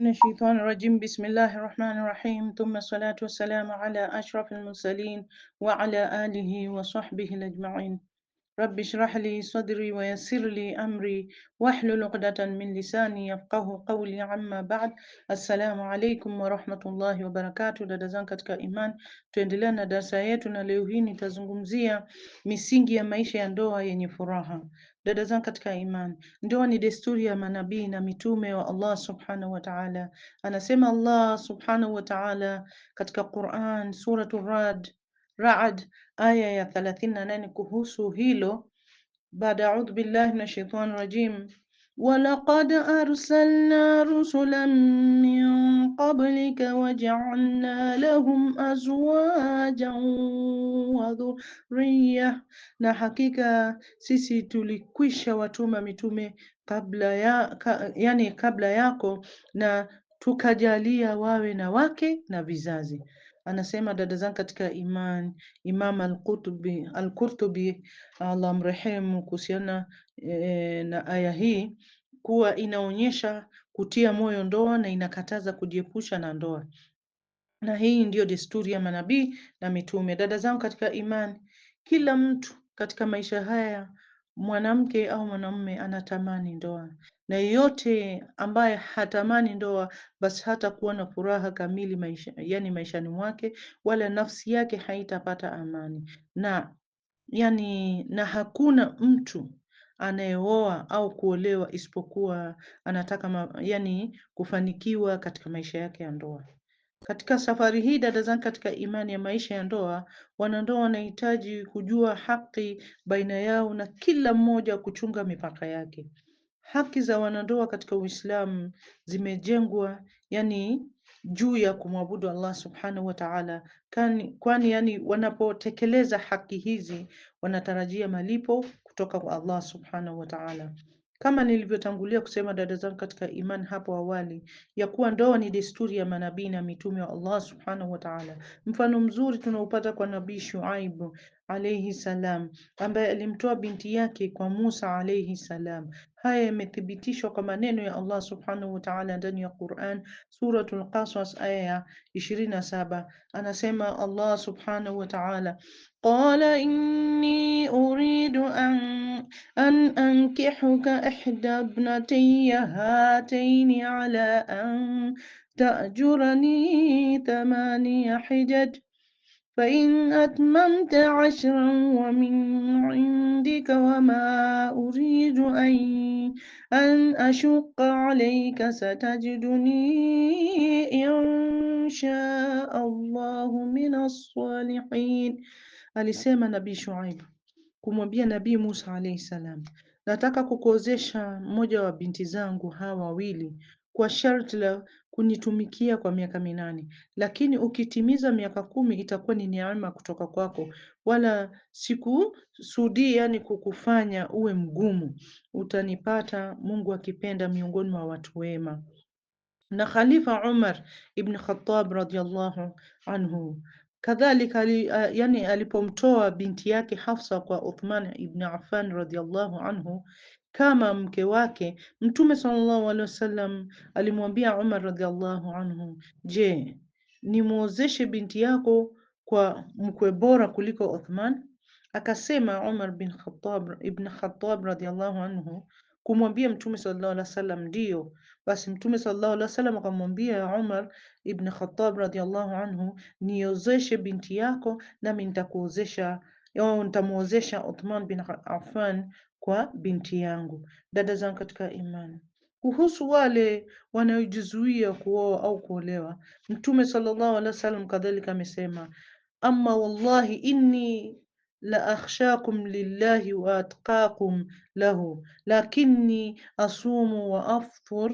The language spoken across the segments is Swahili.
الشيطان الرجيم بسم الله الرحمن الرحيم ثم الصلاة والسلام على أشرف المرسلين وعلى آله وصحبه الأجمعين رب اشرح لي صدري ويسر لي أمري واحلل عقدة من لساني يفقه قولي عما بعد السلام عليكم ورحمة الله وبركاته dada zangu katika iman tuendelea na darasa yetu na leo hii nitazungumzia misingi ya maisha ya ndoa yenye furaha Dada zangu katika imani, ndoa ni desturi ya manabii na mitume wa Allah subhanahu wa ta'ala. Anasema Allah subhanahu wa ta'ala katika Quran suratu Rad, Ra'd aya ya 38 kuhusu hilo, baada audhu billahi minash shaitani rajim ولقد أرسلنا رسلا من قبلك وجعلنا لهم أزواجا وذرية na hakika sisi tulikwisha watuma mitume يا ya, ka, yani kabla yako na tukajalia wawe na wake na vizazi anasema dada zangu katika iman Imam al-Qurtubi Allah mrehemu kuhusiana e, na aya hii kuwa inaonyesha kutia moyo ndoa na inakataza kujiepusha na ndoa, na hii ndiyo desturi ya manabii na mitume. Dada zangu katika imani, kila mtu katika maisha haya mwanamke au mwanamume anatamani ndoa, na yeyote ambaye hatamani ndoa basi hata kuwa na furaha kamili maisha, yani maishani mwake, wala nafsi yake haitapata amani na yani, na hakuna mtu anayeoa au kuolewa isipokuwa anataka ma, yani kufanikiwa katika maisha yake ya ndoa. Katika safari hii dada zangu, katika imani ya maisha ya ndoa, wanandoa wanahitaji kujua haki baina yao na kila mmoja kuchunga mipaka yake. Haki za wanandoa katika Uislamu zimejengwa yani juu ya kumwabudu Allah subhanahu wa ta'ala, kwani yani wanapotekeleza haki hizi wanatarajia malipo kutoka kwa Allah subhanahu wa ta'ala. Kama nilivyotangulia kusema dada zangu katika iman hapo awali, ya kuwa ndoa ni desturi ya manabii na mitume wa Allah subhanahu wa ta'ala. Mfano mzuri tunaupata kwa Nabii Shuaib alayhi salam, ambaye alimtoa binti yake kwa Musa alayhi salam. Haya yamethibitishwa kwa maneno ya Allah subhanahu wa ta'ala ndani ya Quran, Suratul Qasas aya ya ishirini na saba. Anasema Allah subhanahu wa ta'ala قال إني أريد أن أن أنكحك إحدى ابنتي هاتين على أن تأجرني ثماني حجج فإن أتممت عشرا ومن عندك وما أريد أن أن أشق عليك ستجدني إن شاء الله من الصالحين Alisema Nabii Shuaib kumwambia Nabii Musa alayhi salam, nataka kukuozesha mmoja wa binti zangu hawa wawili kwa sharti la kunitumikia kwa miaka minane, lakini ukitimiza miaka kumi itakuwa ni neema kutoka kwako, wala sikusudii yani kukufanya uwe mgumu. Utanipata Mungu akipenda miongoni mwa watu wema. Na Khalifa Umar ibn Khattab radhiyallahu anhu Kadhalika ali, yani alipomtoa binti yake Hafsa kwa Uthman ibn Affan radhiallahu anhu kama mke wake, Mtume sallallahu alaihi wasallam alimwambia Umar radhiallahu anhu, je, nimwozeshe binti yako kwa mkwe bora kuliko Uthman? Akasema Umar bin Khattab ibn Khattab radhiallahu anhu, kumwambia Mtume sallallahu alaihi wasallam ndio. Basi Mtume sallallahu alaihi wasallam akamwambia Umar ibn Khattab radhiallahu anhu, niozeshe binti yako nami nitakuozesha au nitamuozesha Uthman bin Affan kwa binti yangu. Dada zangu katika imani, kuhusu wale wanaojizuia kuoa au kuolewa, Mtume sallallahu alaihi wasallam kadhalika amesema, amma wallahi inni la akhshakum lillahi wa atqakum lahu lakinni asumu wa aftur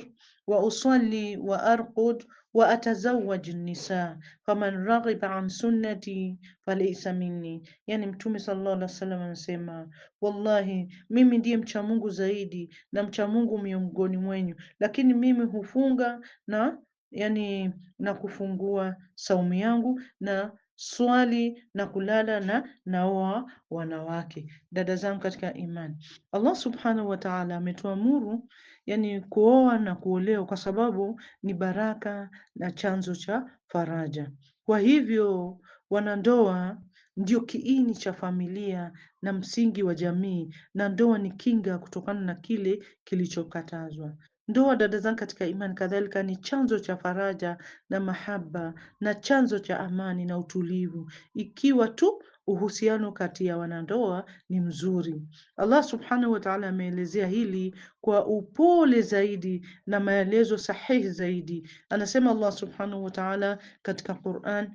wa usalli wa arqud wa atazawaj nisa faman raghiba an sunnati falaysa minni. Yani Mtume sallallahu alaihi wasallam anasema, wallahi mimi ndiye mcha Mungu zaidi na mcha Mungu miongoni mwenyu, lakini mimi hufunga na yani na kufungua saumu yangu na swali na kulala na naoa wanawake. Dada zangu katika imani, Allah subhanahu wa ta'ala ametuamuru yani kuoa na kuolewa, kwa sababu ni baraka na chanzo cha faraja. Kwa hivyo wanandoa ndio kiini cha familia na msingi wa jamii, na ndoa ni kinga kutokana na kile kilichokatazwa. Ndoa, dada zangu katika imani, kadhalika ni chanzo cha faraja na mahaba na chanzo cha amani na utulivu, ikiwa tu uhusiano kati ya wanandoa ni mzuri. Allah subhanahu wa ta'ala ameelezea hili kwa upole zaidi na maelezo sahihi zaidi. Anasema Allah subhanahu wa ta'ala katika Qur'an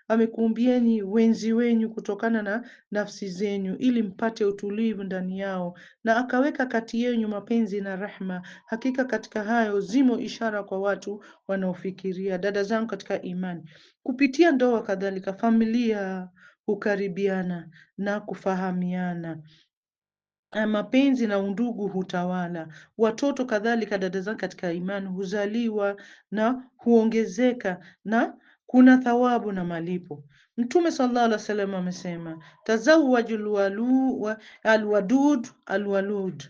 amekuumbieni wenzi wenyu kutokana na nafsi zenyu, ili mpate utulivu ndani yao, na akaweka kati yenu mapenzi na rahma. Hakika katika hayo zimo ishara kwa watu wanaofikiria. Dada zangu katika imani, kupitia ndoa kadhalika familia hukaribiana na kufahamiana mapenzi na undugu hutawala. Watoto kadhalika, dada zangu katika imani, huzaliwa na huongezeka na kuna thawabu na malipo. Mtume sallallahu alaihi wasallam amesema, tazawwaju alwadud alwalud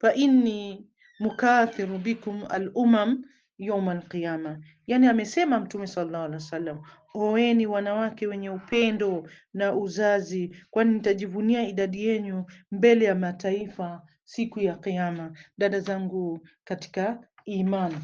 fa inni mukathiru bikum alumam yauma alqiyama. Yani amesema Mtume sallallahu alaihi wasallam, oeni wanawake wenye upendo na uzazi, kwani nitajivunia idadi yenyu mbele ya mataifa siku ya Kiyama. Dada zangu katika imani,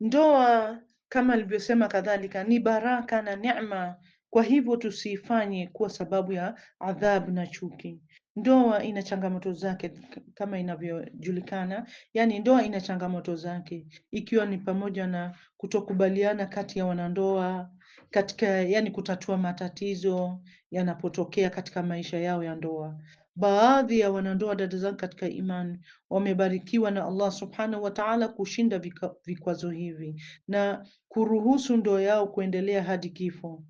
ndoa kama alivyosema kadhalika, ni baraka na neema. Kwa hivyo tusifanye kuwa sababu ya adhabu na chuki. Ndoa ina changamoto zake kama inavyojulikana, yaani ndoa ina changamoto zake, ikiwa ni pamoja na kutokubaliana kati ya wanandoa katika, yaani kutatua matatizo yanapotokea katika maisha yao ya ndoa. Baadhi ya wanandoa dada zangu katika imani wamebarikiwa na Allah subhanahu wa ta'ala kushinda vikwazo hivi na kuruhusu ndoa yao kuendelea hadi kifo.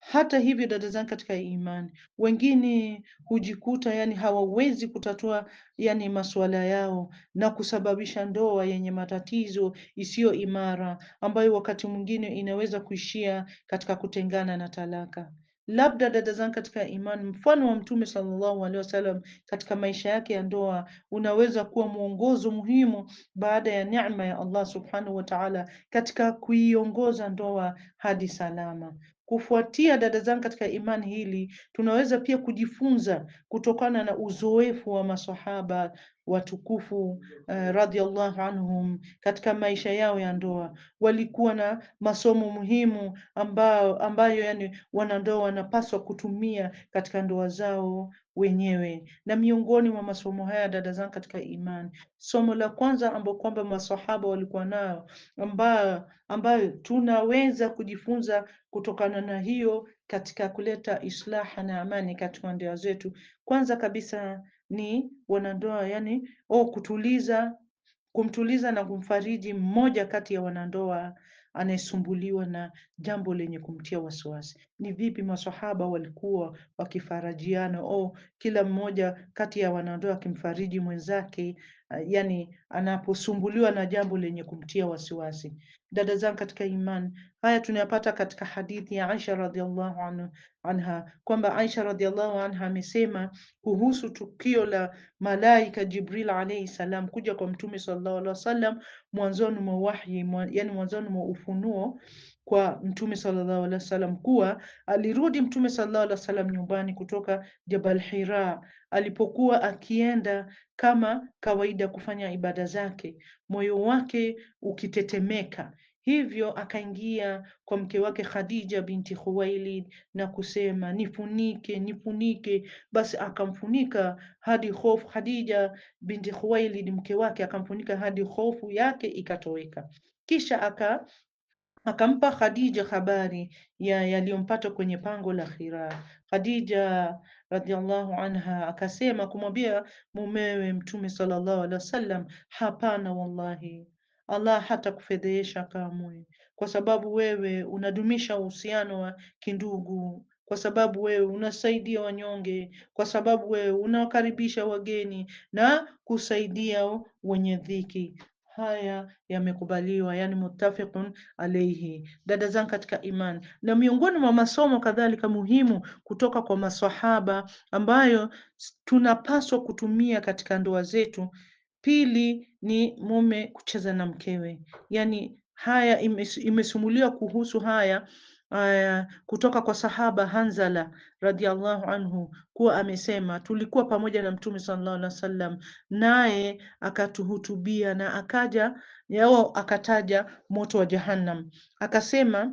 Hata hivyo, dada zangu katika imani, wengine hujikuta yani hawawezi kutatua yani masuala yao na kusababisha ndoa yenye matatizo isiyo imara, ambayo wakati mwingine inaweza kuishia katika kutengana na talaka labda dada zangu katika imani, mfano wa Mtume sallallahu alaihi wasallam katika maisha yake ya ndoa unaweza kuwa mwongozo muhimu baada ya neema ya Allah subhanahu wa ta'ala katika kuiongoza ndoa hadi salama. Kufuatia dada zangu katika imani hili, tunaweza pia kujifunza kutokana na uzoefu wa masahaba watukufu uh, eh, radhiallahu anhum. Katika maisha yao ya ndoa walikuwa na masomo muhimu ambayo, ambayo yani wanandoa wanapaswa kutumia katika ndoa zao wenyewe. Na miongoni mwa masomo haya, dada zangu katika imani, somo la kwanza ambao kwamba masahaba walikuwa nayo, ambayo ambayo tunaweza kujifunza kutokana na hiyo katika kuleta islaha na amani katika ndoa zetu, kwanza kabisa ni wanandoa, yani o oh, kutuliza kumtuliza na kumfariji mmoja kati ya wanandoa anayesumbuliwa na jambo lenye kumtia wasiwasi ni vipi maswahaba walikuwa wakifarajiana, au oh, kila mmoja kati ya wanandoa akimfariji mwenzake, eh, yani anaposumbuliwa na jambo lenye kumtia wasiwasi. Dada zangu katika iman haya tunayapata katika hadithi ya Aisha radhiallahu anha, kwamba Aisha radhiallahu anha amesema kuhusu tukio la malaika Jibril alayhi salam kuja kwa Mtume sallallahu alaihi wasallam mwanzoni mwa wahyi, yani mwanzoni mwa ufunuo kwa Mtume sallallahu alaihi wasallam kuwa alirudi Mtume sallallahu alaihi wasallam nyumbani kutoka Jabal Hira alipokuwa akienda kama kawaida kufanya ibada zake, moyo wake ukitetemeka. Hivyo akaingia kwa mke wake Khadija binti Khuwailid na kusema nifunike, nifunike. Basi akamfunika hadi hofu. Khadija binti Khuwailid mke wake akamfunika hadi hofu yake ikatoweka, kisha aka akampa Khadija habari ya yaliyompata kwenye pango la Hira. Khadija radhiallahu anha akasema kumwambia mumewe Mtume sallallahu alaihi wasallam, hapana, wallahi Allah hata kufedhehesha kamwe, kwa sababu wewe unadumisha uhusiano wa kindugu kwa sababu wewe unasaidia wanyonge, kwa sababu wewe unawakaribisha wageni na kusaidia wenye dhiki haya yamekubaliwa, yani muttafiqun alayhi. Dada zangu katika imani, na miongoni mwa masomo kadhalika muhimu kutoka kwa maswahaba ambayo tunapaswa kutumia katika ndoa zetu, pili ni mume kucheza na mkewe, yani haya imesumuliwa kuhusu haya kutoka kwa sahaba Hanzala radhiallahu anhu kuwa amesema tulikuwa pamoja na Mtume sallallahu alaihi wasallam, naye akatuhutubia na akaja yao akataja moto wa Jahannam akasema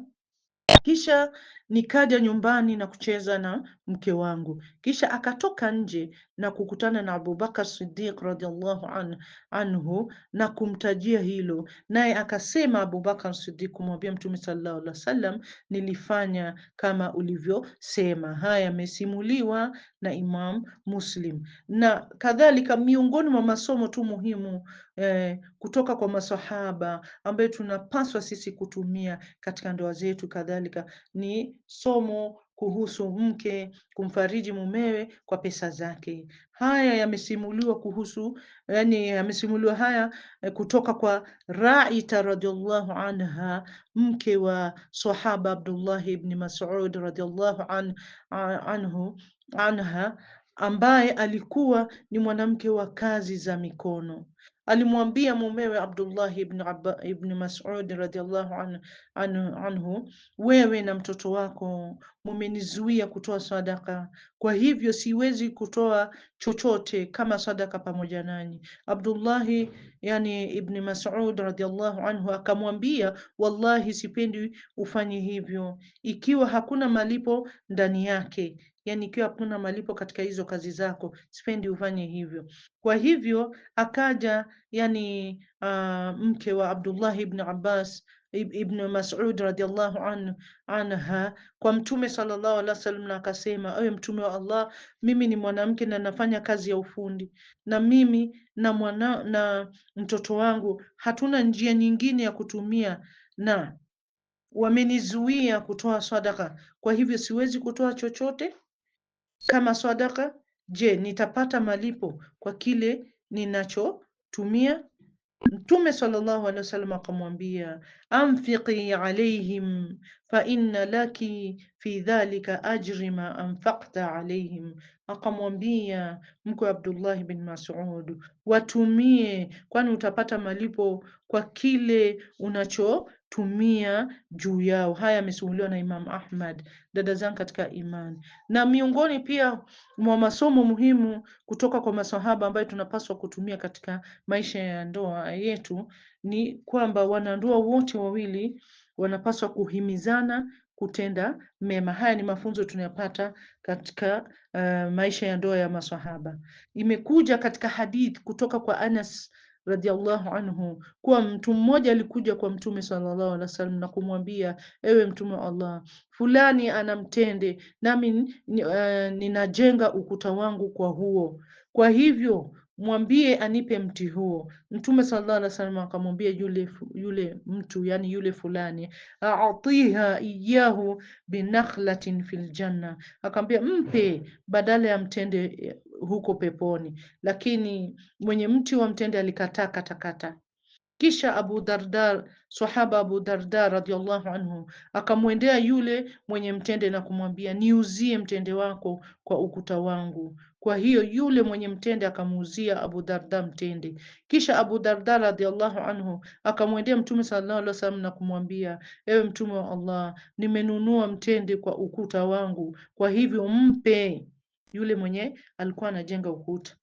kisha Nikaja nyumbani na kucheza na mke wangu. Kisha akatoka nje na kukutana na Abubakar Siddiq radhiallahu an, anhu na kumtajia hilo, naye akasema Abubakar Siddiq kumwambia Mtume sallallahu alaihi wasallam, nilifanya kama ulivyosema. Haya yamesimuliwa na Imam Muslim na kadhalika. Miongoni mwa masomo tu muhimu eh, kutoka kwa masahaba ambayo tunapaswa sisi kutumia katika ndoa zetu kadhalika ni somo kuhusu mke kumfariji mumewe kwa pesa zake. Haya yamesimuliwa kuhusu, yani yamesimuliwa haya eh, kutoka kwa Raita radhiallahu anha, mke wa sahaba Abdullah ibn Mas'ud radhiallahu an, anhu anha, ambaye alikuwa ni mwanamke wa kazi za mikono alimwambia mumewe Abdullah ibn, Abba, ibn Mas'ud radhiallahu an, an, anhu, wewe na mtoto wako mumenizuia kutoa sadaka, kwa hivyo siwezi kutoa chochote kama sadaka pamoja nanyi. Abdullahi yani ibn Mas'ud radhiallahu anhu akamwambia, wallahi sipendi ufanye hivyo ikiwa hakuna malipo ndani yake yani ikiwa hakuna malipo katika hizo kazi zako, sipendi ufanye hivyo. Kwa hivyo akaja yani uh, ah, mke wa Abdullah ibn Abbas ibn Mas'ud radhiyallahu an, anha kwa Mtume sallallahu alaihi wasallam na akasema, awe Mtume wa Allah, mimi ni mwanamke na nafanya kazi ya ufundi, na mimi na mwana, na mtoto wangu hatuna njia nyingine ya kutumia na wamenizuia kutoa sadaka, kwa hivyo siwezi kutoa chochote kama sadaka? Je, nitapata malipo kwa kile ninachotumia? Mtume sallallahu alaihi wasallam akamwambia, anfiqi alaihim fa inna laki fi dhalika ajri ma anfaqta alaihim. Akamwambia mkwe Abdullah bin Mas'ud, watumie, kwani utapata malipo kwa kile unacho tumia juu yao. Haya yamesuhuliwa na Imam Ahmad. Dada zangu katika imani, na miongoni pia mwa masomo muhimu kutoka kwa masahaba ambayo tunapaswa kutumia katika maisha ya ndoa yetu ni kwamba wanandoa wote wawili wanapaswa kuhimizana kutenda mema. Haya ni mafunzo tunayopata katika uh, maisha ya ndoa ya maswahaba. Imekuja katika hadith kutoka kwa Anas radhiallahu anhu kuwa mtu mmoja alikuja kwa Mtume sallallahu alaihi wasallam na kumwambia, ewe Mtume wa Allah, fulani anamtende nami, eh, ninajenga ukuta wangu kwa huo, kwa hivyo mwambie anipe mti huo. Mtume sallallahu alaihi wasallam akamwambia yule, yule mtu yani yule fulani, atiha iyahu binakhlatin fil janna, akamwambia mpe badala ya mtende eh, huko peponi. Lakini mwenye mti wa mtende alikataa kata katakata. Kisha Abu Darda, sahaba Abu Darda radhiallahu anhu akamwendea yule mwenye mtende na kumwambia, niuzie mtende wako kwa ukuta wangu kwa hiyo yule mwenye mtende akamuuzia Abu Darda mtende. Kisha Abu Darda radhiallahu anhu akamwendea Mtume sallallahu alaihi wasallam na kumwambia, ewe Mtume wa Allah, nimenunua mtende kwa ukuta wangu, kwa hivyo mpe. Yule mwenye alikuwa anajenga ukuta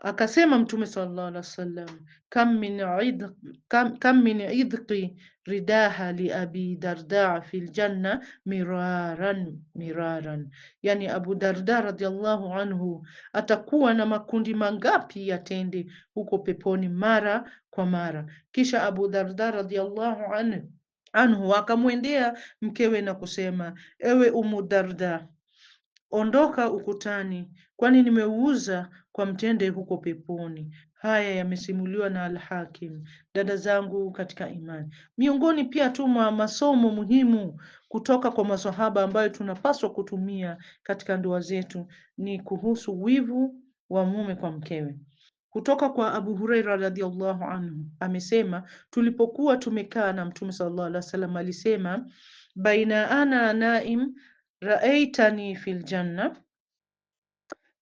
Akasema Mtume sallallahu alaihi wasallam, kam min idq, kam, kam min idqi ridaha li abi darda fi ljanna miraran miraran, yani Abu Darda radhiallahu anhu atakuwa na makundi mangapi ya tende huko peponi mara kwa mara. Kisha Abu Darda radhiallahu anhu anhu akamwendea mkewe na kusema, ewe Umu Darda, ondoka ukutani, kwani nimeuuza kwa mtende huko peponi. Haya yamesimuliwa na alhakim Dada zangu katika imani, miongoni pia tu mwa masomo muhimu kutoka kwa maswahaba ambayo tunapaswa kutumia katika ndoa zetu ni kuhusu wivu wa mume kwa mkewe. Kutoka kwa Abu Huraira radhiallahu anhu amesema, tulipokuwa tumekaa na Mtume sallallahu alaihi wasallam alisema, baina ana naim raaitani fil janna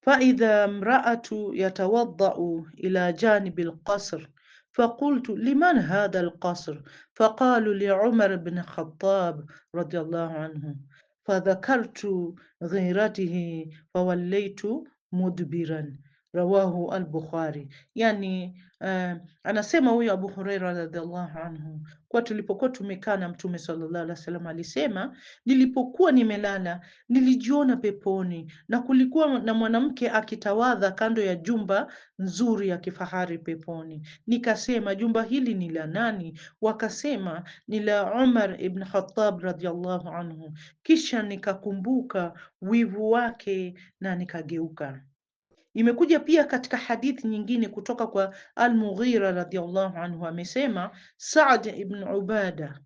فإذا امرأة يتوضأ إلى جانب القصر فقلت لمن هذا القصر فقالوا لعمر بن الخطاب رضي الله عنه فذكرت غيرته فوليت مدبرا rawahu al-Bukhari. Yani uh, anasema huyo Abu Huraira radhiallahu anhu kwa tulipokuwa tumekaa na Mtume sallallahu alaihi wasallam alisema, nilipokuwa nimelala nilijiona peponi na kulikuwa na mwanamke akitawadha kando ya jumba nzuri ya kifahari peponi. Nikasema, jumba hili ni la nani? Wakasema, ni la Umar ibn Khattab radhiallahu anhu. Kisha nikakumbuka wivu wake na nikageuka. Imekuja pia katika hadithi nyingine kutoka kwa Al-Mughira radhiallahu anhu amesema, Saad ibn Ubada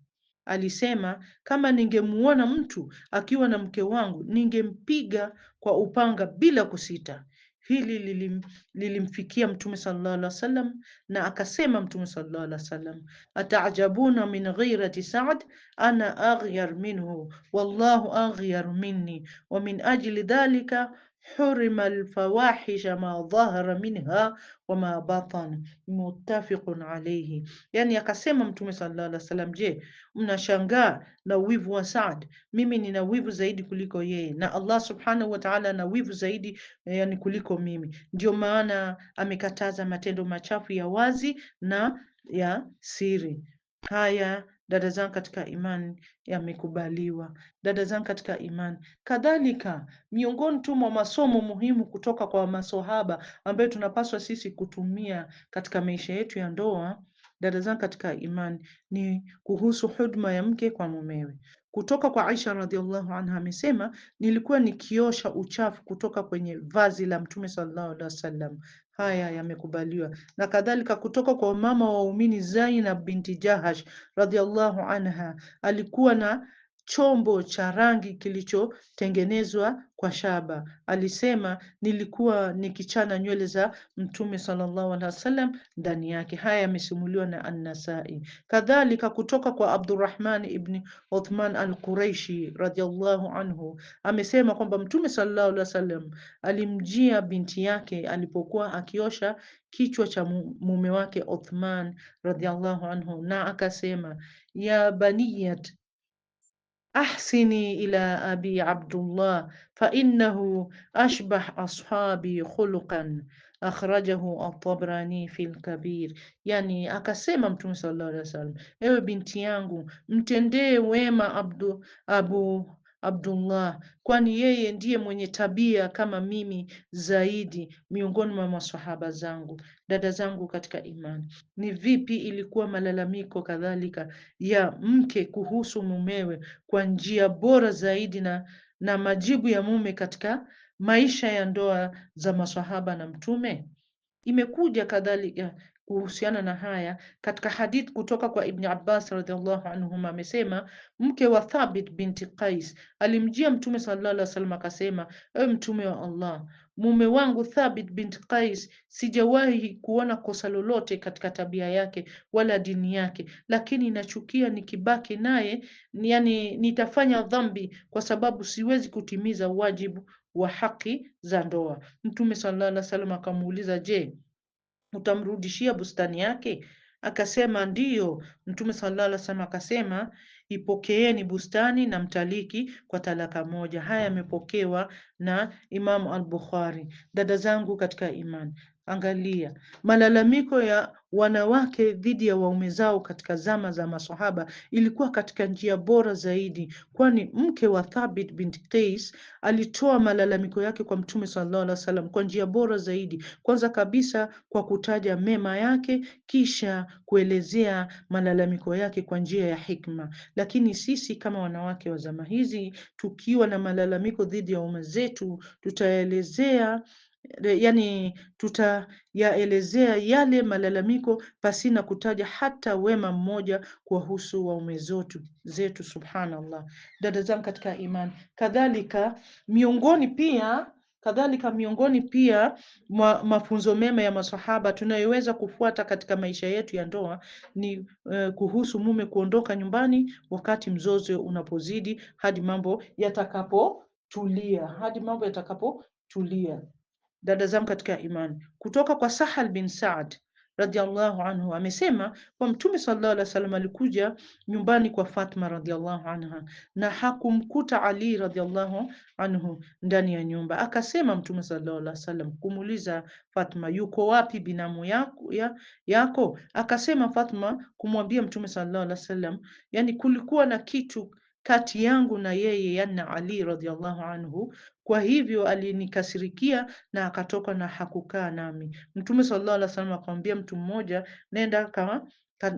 alisema kama ningemuona mtu akiwa na mke wangu ningempiga kwa upanga bila kusita. Hili lilim, lilimfikia Mtume sallallahu alaihi wasallam, na akasema Mtume sallallahu alaihi wasallam, ataajabuna min ghirati Saad ana aghyar minhu wallahu aghyar minni wa min ajli dhalika hurima alfawahisha ma dhahara minha wa ma batan, muttafaqun alayhi. Yani akasema Mtume sallallahu alaihi wasallam, je, mnashangaa na wivu wa Saad? Mimi nina wivu zaidi kuliko yeye, na Allah subhanahu wa ta'ala ana wivu zaidi yani kuliko mimi. Ndio maana amekataza matendo machafu ya wazi na ya siri. Haya dada zangu katika imani, yamekubaliwa dada zangu katika imani. Kadhalika, miongoni tu mwa masomo muhimu kutoka kwa masohaba ambayo tunapaswa sisi kutumia katika maisha yetu ya ndoa, dada zangu katika imani, ni kuhusu huduma ya mke kwa mumewe. Kutoka kwa Aisha radhiallahu anha amesema, nilikuwa nikiosha uchafu kutoka kwenye vazi la Mtume sallallahu alaihi wasallam haya yamekubaliwa na kadhalika kutoka kwa mama wa waumini Zainab binti Jahash radhiallahu anha alikuwa na chombo cha rangi kilichotengenezwa kwa shaba. Alisema, nilikuwa nikichana nywele za Mtume sallallahu alaihi wasallam ndani yake. Haya yamesimuliwa na An-Nasai. Kadhalika kutoka kwa Abdurrahman ibn Uthman al-Quraishi radhiallahu anhu amesema kwamba Mtume sallallahu alaihi wasallam alimjia binti yake alipokuwa akiosha kichwa cha mume wake Uthman radhiallahu anhu, na akasema ya baniyat أحسني إلى أبي عبد الله فإنه أشبه أصحابي خلقا أخرجه الطبراني في الكبير يعني أكسيما متوم صلى الله عليه وسلم إيه بنتي يانغو متندي ويما أبو Abdullah, kwani yeye ndiye mwenye tabia kama mimi zaidi miongoni mwa maswahaba zangu. Dada zangu katika imani, ni vipi ilikuwa malalamiko kadhalika ya mke kuhusu mumewe kwa njia bora zaidi na, na majibu ya mume katika maisha ya ndoa za maswahaba na Mtume? Imekuja kadhalika kuhusiana na haya katika hadith kutoka kwa ibn Abbas radhiallahu anhuma, amesema mke wa Thabit binti Qais alimjia Mtume sallallahu alaihi wasallam akasema, ewe Mtume wa Allah, mume wangu Thabit binti Qais sijawahi kuona kosa lolote katika tabia yake wala dini yake, lakini nachukia nikibaki naye, yani nitafanya dhambi, kwa sababu siwezi kutimiza wajibu wa haki za ndoa. Mtume sallallahu alaihi wasallam akamuuliza, je, utamrudishia bustani yake? Akasema ndiyo. Mtume sallallahu alaihi wasallam akasema ipokeeni bustani na mtaliki kwa talaka moja. Haya yamepokewa na Imamu al-Bukhari. Dada zangu katika imani, angalia malalamiko ya wanawake dhidi ya waume zao katika zama za masahaba ilikuwa katika njia bora zaidi, kwani mke wa Thabit bint Qais alitoa malalamiko yake kwa Mtume sallallahu alaihi wasallam kwa njia bora zaidi, kwanza kabisa kwa kutaja mema yake, kisha kuelezea malalamiko yake kwa njia ya hikma. Lakini sisi kama wanawake wa zama hizi tukiwa na malalamiko dhidi ya waume zetu tutaelezea yani tutayaelezea yale malalamiko pasina kutaja hata wema mmoja kuwahusu waume zetu zetu. Subhanallah, dada zangu katika imani, kadhalika miongoni pia kadhalika miongoni pia mwa mafunzo mema ya masahaba tunayoweza kufuata katika maisha yetu ya ndoa ni uh, kuhusu mume kuondoka nyumbani wakati mzozo unapozidi hadi mambo yatakapotulia, hadi mambo yatakapotulia dada zangu katika imani, kutoka kwa Sahal bin Saad radhiallahu anhu amesema kwa Mtume sallallahu alaihi wasallam alikuja nyumbani kwa Fatma radhiallahu anha na hakumkuta Ali radhiallahu anhu ndani ya nyumba. Akasema Mtume sallallahu alaihi wasallam kumuuliza Fatma, yuko wapi binamu yako, ya, yako? Akasema Fatma kumwambia Mtume sallallahu alaihi wasallam, yani kulikuwa na kitu kati yangu na yeye, yana Ali radhiallahu anhu. Kwa hivyo alinikasirikia na akatoka na hakukaa nami. Mtume sallallahu alaihi wasallam akamwambia mtu mmoja, nenda kama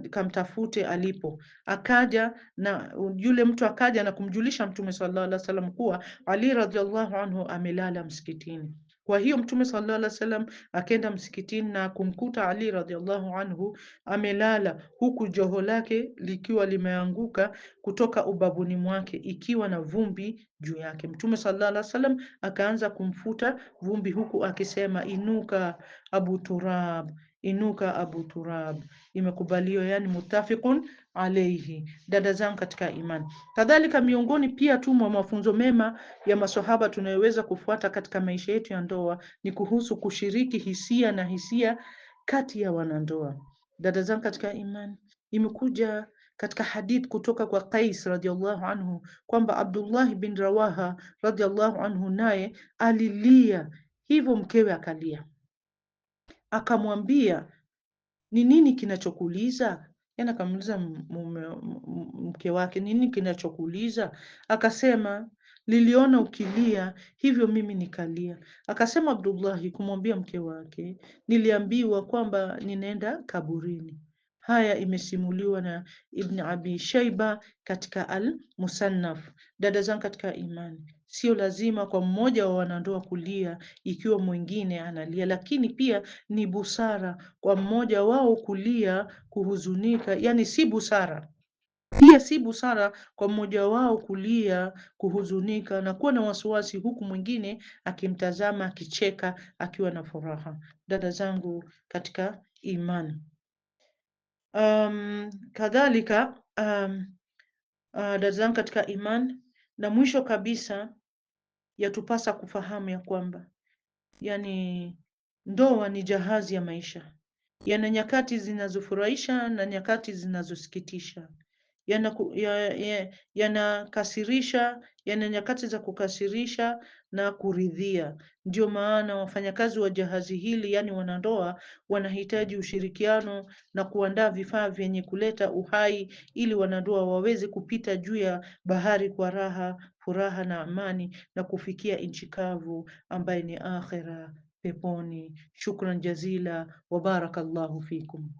kamtafute alipo. Akaja na yule mtu akaja na kumjulisha Mtume sallallahu alaihi wasallam kuwa Ali radhiallahu anhu amelala msikitini. Kwa hiyo Mtume sallallahu alaihi wasallam akaenda msikitini na kumkuta Ali radhiallahu anhu amelala, huku joho lake likiwa limeanguka kutoka ubavuni mwake, ikiwa na vumbi juu yake. Mtume sallallahu alaihi wasallam akaanza kumfuta vumbi, huku akisema, inuka Abu Turab, inuka Abu Turab. Imekubaliwa, yani mutafiqun alaihi. Dada zangu katika imani, kadhalika miongoni pia tu mwa mafunzo mema ya maswahaba tunayoweza kufuata katika maisha yetu ya ndoa ni kuhusu kushiriki hisia na hisia kati ya wanandoa. Dada zangu katika imani, imekuja katika hadith kutoka kwa Qais radhiallahu anhu kwamba Abdullah bin Rawaha radhiallahu anhu naye alilia hivyo, mkewe akalia akamwambia ni nini kinachokuuliza? yani akamuuliza mke wake, ni nini kinachokuuliza? Akasema, niliona ukilia, hivyo mimi nikalia. Akasema Abdullahi kumwambia mke wake, niliambiwa kwamba ninaenda kaburini. Haya imesimuliwa na Ibn Abi Shaiba katika Al-Musannaf. Dada zangu katika imani, sio lazima kwa mmoja wa wanandoa kulia ikiwa mwingine analia, lakini pia ni busara kwa mmoja wao kulia, kuhuzunika, yani si busara pia si busara kwa mmoja wao kulia, kuhuzunika na kuwa na wasiwasi, huku mwingine akimtazama, akicheka, akiwa na furaha. Dada zangu katika imani, Um, kadhalika um, uh, dada zangu katika iman, na mwisho kabisa yatupasa kufahamu ya kwamba yani ndoa ni jahazi ya maisha, yana nyakati zinazofurahisha na nyakati zinazosikitisha yanakasirisha ya, ya, ya yana nyakati za kukasirisha na kuridhia. Ndio maana wafanyakazi wa jahazi hili, yaani wanandoa, wanahitaji ushirikiano na kuandaa vifaa vyenye kuleta uhai ili wanandoa waweze kupita juu ya bahari kwa raha, furaha na amani na kufikia nchi kavu ambaye ni akhera peponi. Shukran jazila wa barakallahu fikum.